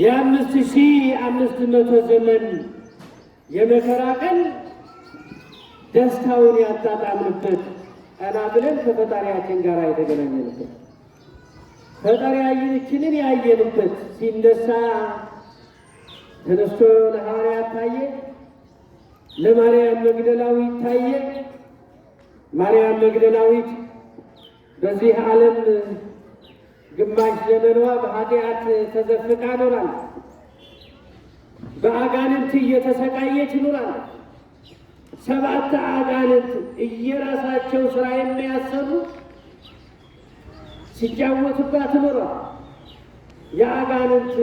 የአምስት ሺህ አምስት መቶ ዘመን የመከራ ቀን ደስታውን ያጣጣምንበት ቀና ብለን ከፈጣሪያችን ጋር የተገናኘንበት ፈጣሪያችንን ያየንበት ሲነሳ ተነስቶ ለሐዋርያት ታየ፣ ለማርያም መግደላዊት ታየ። ማርያም መግደላዊት በዚህ ዓለም ግማሽ ዘመኗ በኃጢአት ተዘፍቃ ኖራል። በአጋንንት እየተሰቃየች ኖራል። ሰባት አጋንንት እየራሳቸው ስራ የሚያሰሩ ሲጫወቱባት ኖሯል። የአጋንንት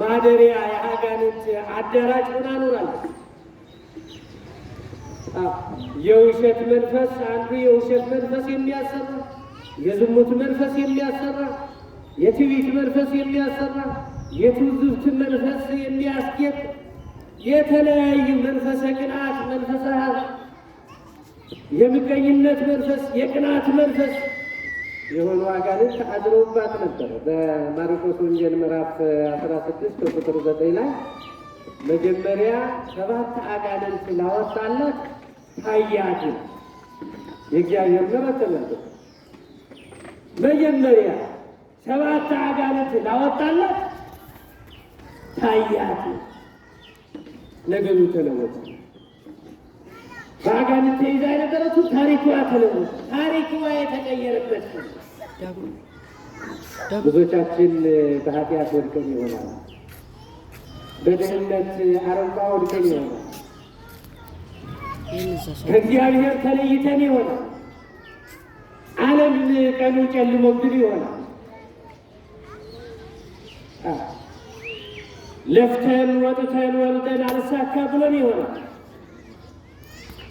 ማደሪያ የአጋንንት አዳራሽ ሆና ኖራል። የውሸት መንፈስ አንዱ የውሸት መንፈስ የሚያሰሩ የዝሙት መንፈስ የሚያሰራ፣ የትዕቢት መንፈስ የሚያሰራ፣ የትውዝብት መንፈስ የሚያስጌጥ የተለያዩ መንፈሰ ቅንዓት፣ መንፈሰ የምቀኝነት መንፈስ፣ የቅንዓት መንፈስ የሆኑ አጋንንት አድረውባት ነበር። በማርቆስ ወንጌል ምዕራፍ 16 ቁጥር 9 ላይ መጀመሪያ ሰባት አጋንንት ላወጣላት ታያትን የእግዚአብሔር ምሕረት ተመልከቱ። መጀመሪያ ሰባት አጋንንት ላወጣላት ታያት። ነገሩ ተለወጠ። በአጋንንት ተይዛ የነበረችው ታሪኳ ተለወጠ። ታሪኳ የተቀየረበት ብዙዎቻችን በኃጢአት ወድቀን ይሆናል። በድህነት አረንቋ ወድቀን ይሆናል። ከእግዚአብሔር ተለይተን ይሆናል። ዓለም ቀኑ ጨልሞ ግን ይሆናል። ለፍተን ወጥተን ወልደን አልሳካ ብሎን ይሆናል።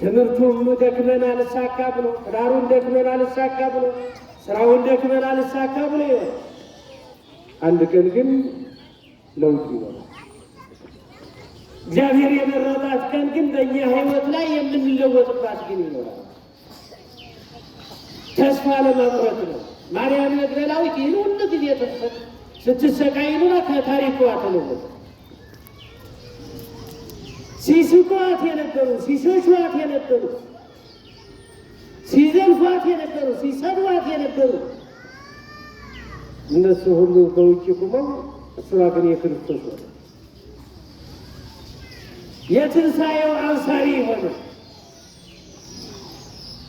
ትምህርቱም ደክመን አልሳካ ብሎ፣ ትዳሩን ደክመን አልሳካ ብሎ፣ ስራውን ደክመን አልሳካ ብሎ ይሆናል። አንድ ቀን ግን ለውጥ ይሆናል። እግዚአብሔር የመረጣት ቀን ግን በእኛ ህይወት ላይ የምንለወጥባት ግን ይኖራል። ተስፋ ለመቁረጥ ነው። ማርያም መግደላዊት ይህን ሁሉ ጊዜ ስትሰቃይ ኑራ ከታሪኩ ተለወጠ። ሲስቋት የነበሩ ሲሸሿት የነበሩ ሲዘልፏት የነበሩ ሲሰድዋት የነበሩ እነሱ ሁሉ በውጭ ቁመው እሷ ግን የክርስቶስ ሆነ የትንሣኤው አውሳሪ ሆነ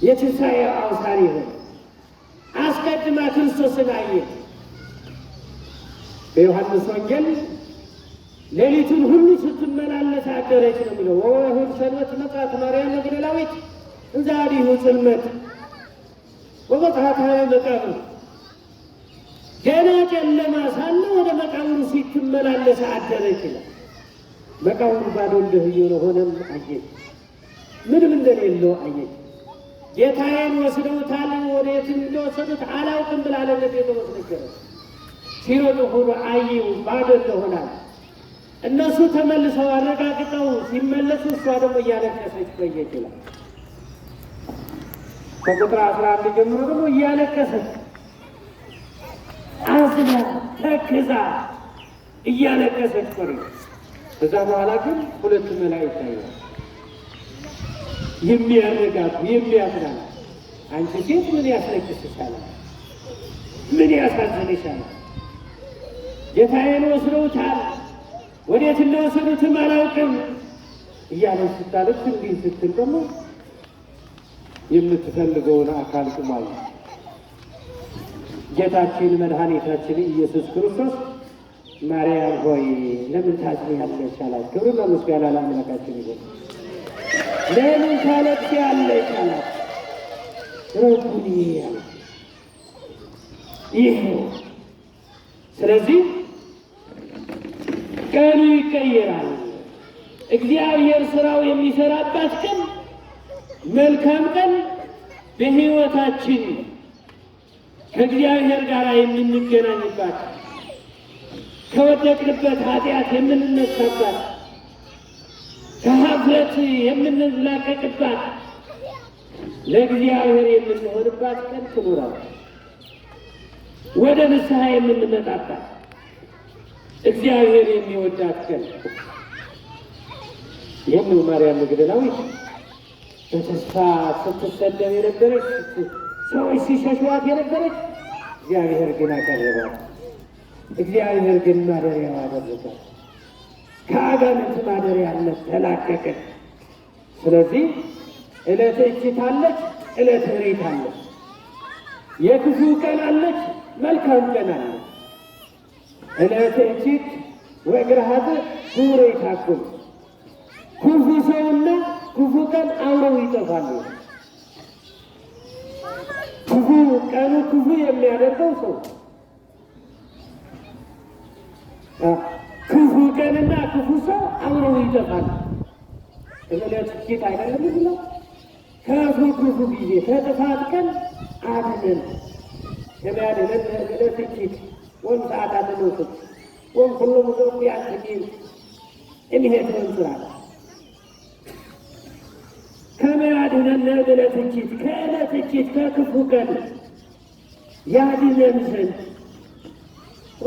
የትንሣኤው አውሳሪ ሆነ። አስቀድማ ክርስቶስን አየ። በዮሐንስ ወንጌል ሌሊቱን ሁሉ ስትመላለስ አደረች ነው የሚለው። ወይሁድ ሰንበት መጽሐት ማርያም መግደላዊት እንዛ ዲሁ ጽልመት ወበጽሐት መቃብር ገና ጨለማ ሳለ ወደ መቃብሩ ሲትመላለስ አደረች ይላል። መቃብሩ ባዶ እንደሆነ ሆነም አየች፣ ምንም እንደሌለው አየች። ጌታዬን ወስደውታል፣ ወደ የት እንደወሰዱት አላውቅም ብላ ለጴጥሮስ ነገረ ሲሮጥ ሁሉ አየው ባዶ እንደሆናል። እነሱ ተመልሰው አረጋግጠው ሲመለሱ እሷ ደግሞ እያለቀሰች ቆየች ይላል። ከቁጥር አስራ አንድ ጀምሮ ደግሞ እያለቀሰች አዝና ተክዛ እያለቀሰች ቆረች። እዛ በኋላ ግን ሁለቱ መላእክት ይታያሉ። የሚያረጋጉ የሚያዝናኑ አንቺ ሴት ምን ያስለቅስ ይቻላል? ምን ያሳዝን ይቻላል? ጌታዬን ወስደውታል፣ ወዴት እንደወሰዱትም አላውቅም እያለች ስታለች እንዲህ ስትል ደግሞ የምትፈልገውን አካል ቁሟል። ጌታችን መድኃኒታችን ኢየሱስ ክርስቶስ ማርያም ሆይ ለምን ታዝኛለሽ አላት። ክብር በምስጋና ለአምላካችን ይሁን። ለምን ታለቅ ያለ ይቀናል ረቡኒ ይህ ስለዚህ ቀኑ ይቀየራል። እግዚአብሔር ስራው የሚሰራባት ቀን መልካም ቀን በህይወታችን ከእግዚአብሔር ጋር የምንገናኝባት ከወደቅንበት ኃጢአት የምንነሳባት ከሀፍረት የምንላቀቅባት ለእግዚአብሔር የምንሆንባት ቀን ትኖራለች። ወደ ንስሐ የምንመጣባት እግዚአብሔር የሚወዳት ቀን ይህም ማርያም መግደላዊት በተስፋ ስትሰደብ የነበረች ሰዎች ሲሸሸዋት የነበረች እግዚአብሔር ግን አቀረባት። እግዚአብሔር ግን ማደሪያ አደረጋት። ከአጋንንት ማደሪያነት ተላቀቅን። ስለዚህ ዕለተ እችት አለች፣ ዕለተ ሬት አለች፣ የክፉ ቀን አለች፣ መልካም ቀን አለች። ዕለተ እችት ወግርሃት ክቡር የታኩም ክፉ ሰውና ክፉ ቀን አብረው ይጠፋሉ። ክፉ ቀኑ ክፉ የሚያደርገው ሰው ክፉ ቀንና ክፉ ሰው አብረው ይጠፋል። እለት ጌታ አይደለም ብላ ከክፉ ክፉ ጊዜ ከጥፋት ቀን አድነን። ገበያ እለት ጌት ሰዓት አድነውት ወም ሁሉ ሙዘው ያስጌን እንሄድ ወንስራ ከመያድነን እለት ጌት ከእለት ጌት ከክፉ ቀን ያድነን ዘንድ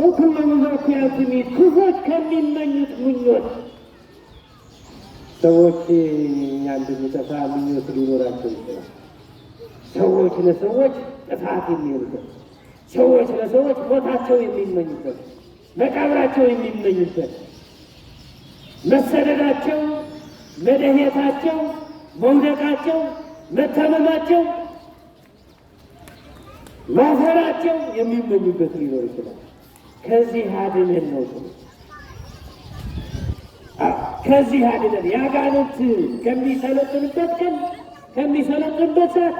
ወኩሉ ክፎች ከሚመኙት ምኞት ሰዎች እኛ እንደሚጠፋ ምኞት ሊኖራቸው ይችላል። ሰዎች ለሰዎች ጥፋት የሚሆኑበት፣ ሰዎች ለሰዎች ሞታቸው የሚመኙበት፣ መቃብራቸው የሚመኙበት፣ መሰደዳቸው፣ መደሄታቸው፣ መውደቃቸው፣ መታመማቸው፣ ማፈራቸው የሚመኙበት ሊኖር ይችላል። ከዚህ አድነን ነው ከዚህ አድነን የአጋንንት ከሚሰለጥንበት ቀን ከሚሰለጥንበት ሰዓት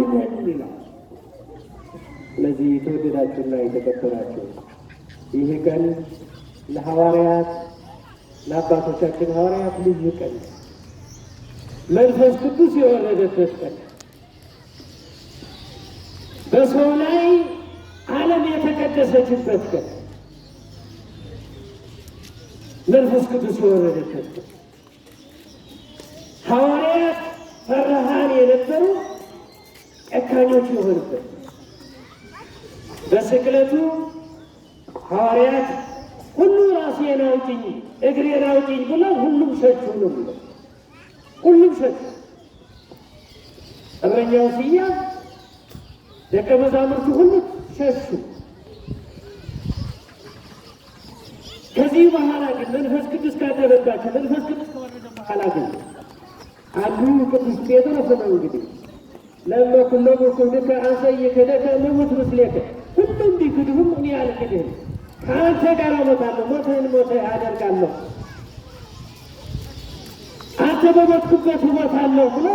አድነን ይላል። ስለዚህ የተወደዳችሁና የተከበራችሁ ይህ ቀን ለሐዋርያት ለአባቶቻችን ሐዋርያት ልዩ ቀን መንፈስ ቅዱስ የወረደበት ቀን በሰው ላይ ዓለም የተቀደሰችበት ቀን መንፈስ ቅዱስ የወረደበት ቀን ሐዋርያት ፈራሃን የነበሩ ጨካኞች የሆኑበት በስቅለቱ ሐዋርያት ሁሉ ራሴን አውጪኝ እግሬን አውጪኝ ብለው ሁሉም ሸሹ ነው ሁሉም ሸሹ። እረኛው ሲያዝ ደቀ መዛሙርቱ ሁሉ ሰሱ። ከዚህ በኋላ ግን መንፈስ ቅዱስ ካደረባቸው መንፈስ ቅዱስ ከወረደ በኋላ ግን አንዱ ቅዱስ ጴጥሮስ ነው እንግዲህ ለመ ኩለሙ ክህድከ አንሰ እየከደከ ምሙት ምስሌከ ሁሉም ቢክድሁም እኔ አልክድህም ከአንተ ጋር እሞታለሁ፣ ሞትህን ሞትህ አደርጋለሁ፣ አንተ በሞትኩበት እሞታለሁ ብሎ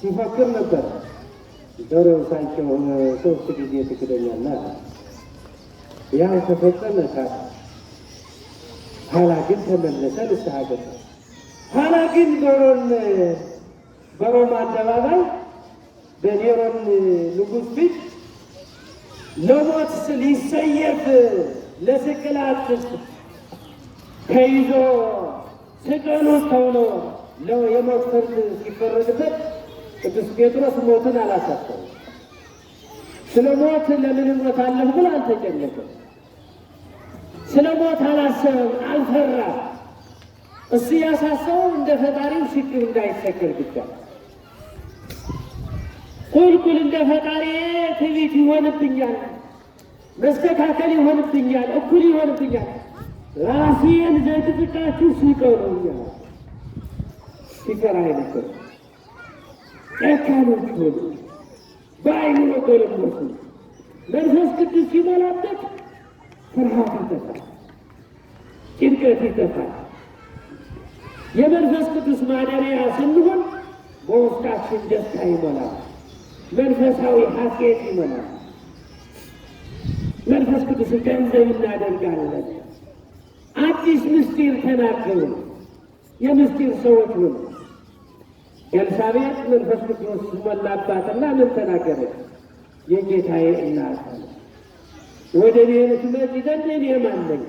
ሲፈክር ነበር። ጆሮውን ሳንቸው ሶስት ጊዜ ትክደኛለህ ያው ተፈጸመ። ኋላ ግን ተመለሰ ንስሐ ገባ። ኋላ ግን ዶሮን በሮማ አደባባይ በኔሮን ንጉሥ ፊት ለሞት ሊሰየፍ ለስቅላት ተይዞ ስቀሉ ተብሎ የሞት ፍርድ ሲፈረድበት ቅዱስ ጴጥሮስ ሞትን አላሳፈው ስለ ሞት ለምን እሞታለሁ ብሎ አልተጨነቀም። ስለ ሞት አላሰበም፣ አልፈራም። እሱ ያሳሰበው እንደ ፈጣሪው ሽቅብ እንዳይሰገር ብቻ ቁልቁል እንደ ፈጣሪ ትዕቢት ይሆንብኛል፣ መስተካከል ይሆንብኛል፣ እኩል ይሆንብኛል፣ ራሴን ዘግዝቃችሁ ሲቀሩኛል ሲቀራ አይነበር ጨካኖች ሆኑ በአይኑ ነው ጎለጎቱ። መንፈስ ቅዱስ ሲሞላበት ፍርሃት ይጠፋል፣ ጭንቀት ይጠፋል። የመንፈስ ቅዱስ ማደሪያ ስንሆን በውስጣችን ደስታ ይሞላል፣ መንፈሳዊ ሀሴት ይሞላል። መንፈስ ቅዱስ ገንዘብ እናደርጋለን። አዲስ ምስጢር ተናገሩ። የምስጢር ሰዎች ሆኑ። ኤልሳቤጥ መንፈስ ቅዱስ ሞላባትና ምን ተናገረች? የጌታዬ እናት ወደ እኔ ልትመጪ ዘንድ እኔ ማን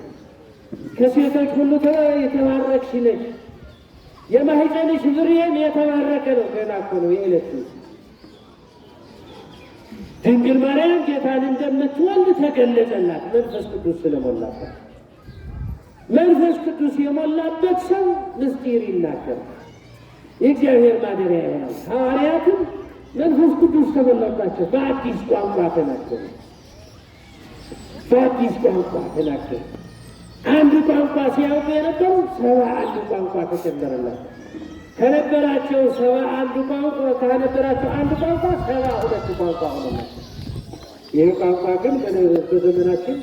ከሴቶች ሁሉ የተባረክሽ ነሽ፣ የማኅፀንሽ ፍሬም የተባረከ ነው። ገና እኮ ነው የእለት ድንግል ማርያም ጌታን እንደምትወልድ ተገለጸላት፣ መንፈስ ቅዱስ ስለሞላበት። መንፈስ ቅዱስ የሞላበት ሰው ምስጢር ይናገራል። የእግዚአብሔር ማደሪያ ይሆናል። ሐዋርያትም መንፈስ ቅዱስ ተሞላባቸው፣ በአዲስ ቋንቋ ተናገሩ። በአዲስ ቋንቋ ተናገሩ። አንድ ቋንቋ ሲያውቁ የነበሩ ሰባ አንድ ቋንቋ ተጨመረላቸው። ከነበራቸው ሰባ አንድ ቋንቋ ከነበራቸው አንድ ቋንቋ ሰባ ሁለት ቋንቋ ሆነላቸው። ይህ ቋንቋ ግን በዘመናችን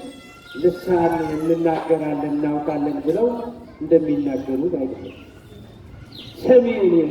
ልሳን እንናገራለን እናውቃለን ብለው እንደሚናገሩት አይደለም። Sevinirler.